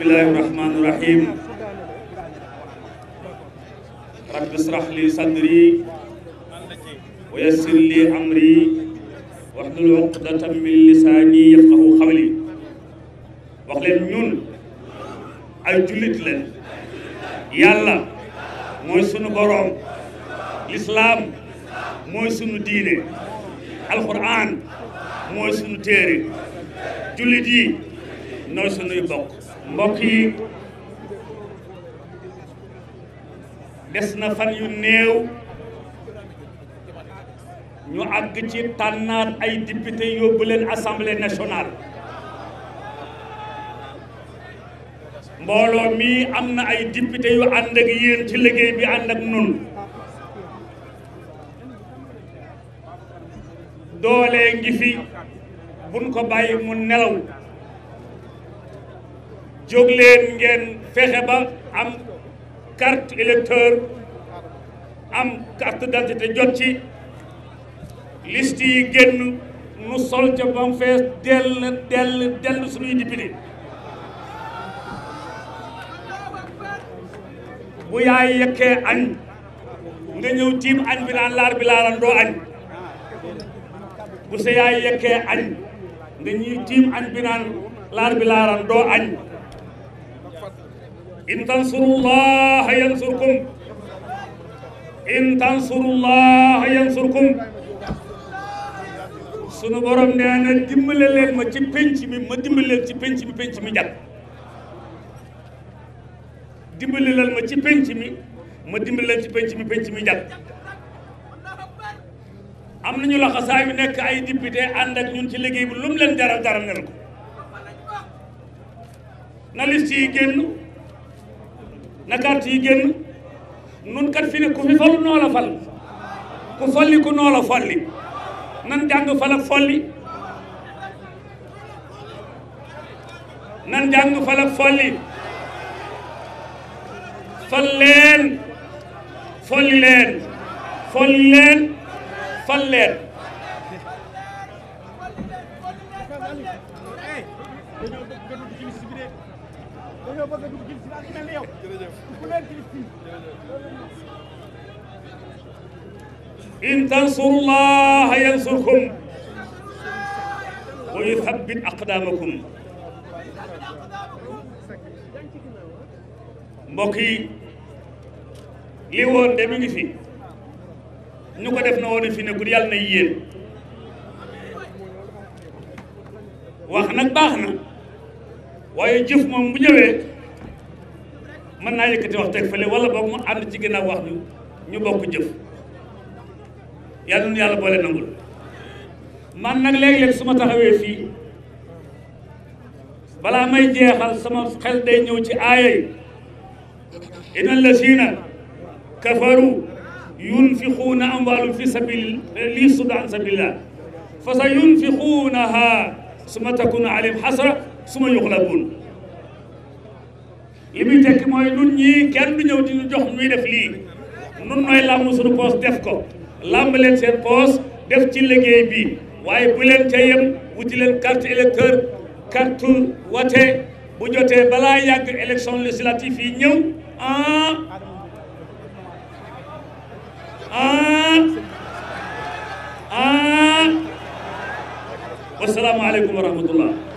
bismillahirrahmanirrahim rabbi israh li sadri wa yassir li amri wahlul uqdatan min lisani yafqahu qawli wax leen ñun ay jullit leen yàlla mooy sunu boroom lislaam mooy sunu diine alquran mooy sunu téere jullit yi nooy bokk mbokk দেশ des na নেও ñu àgg ci tànnaat ay député yóbbu leen assemblée nationale mbooloo mii am na ay député yu ànd ak yéen ci liggéey bi ànd ak nun doole ngi fi buñ ko bàyyi mu nelaw jóg leen ngeen fexe ba am carte électeur am carte d'identité jot ci liste yi génn nu sol ca bam fees dell dell dell suñuy député bu yaay yekkee añ nga ñëw tiim añ bi naan laar bi laaran doo añ bu sa yekkee añ nga ñuy tiim añ bi naan laar bi laaran doo añ in tansurullaha yansurkum in tansurullaha yansurkum sunu borom nee na dimbale leen ma ci penc mi ma dimbale leen ci penc mi penc mi jag dimbale leen ma ci penc mi ma ci mi jag am nañu la xasaay nekk ay député ànd ak ñun ci liggéey bi lu leen jaral jaral leen ko na liste yi génn na carte yi génn nun kat fi ne ku fi falu noo fal ku folli ku noo folli nan jàng fal folli nan jàng fal ak إن تنصروا الله ينصركم ويثبت أقدامكم مكي ليون دمي في نوكا دفنا وني في نقول يالنا يين واخنا باخنا waye jëf mom bu ñëwé man na yëkëti wax tek fële wala boog mu ànd ci gëna wax ñu ñu bokk jëf yàlla nu nu bokku jef yalla nu yalla boole nangul man nag léeg-léeg su ma taxawee fii may jeexal sama xel day ñëw ci aaya yi inna allazina kafaru yunfiquuna amwaalum fi sabili li sudaan sabilillah fa sa yunfiquunaha suma takunu alayhim su ma yuxlaquun li muy tekki mooy nun ñii kenn du ñëw di ñu jox ñuy def lii nun nooy làmb suñu poos def ko làmb leen seen poos def ci liggéey bi waaye bu leen ca yem wuti leen carte électeur carte wate bu jotee balaa yàgg élection législative yi ñëw ah ah ah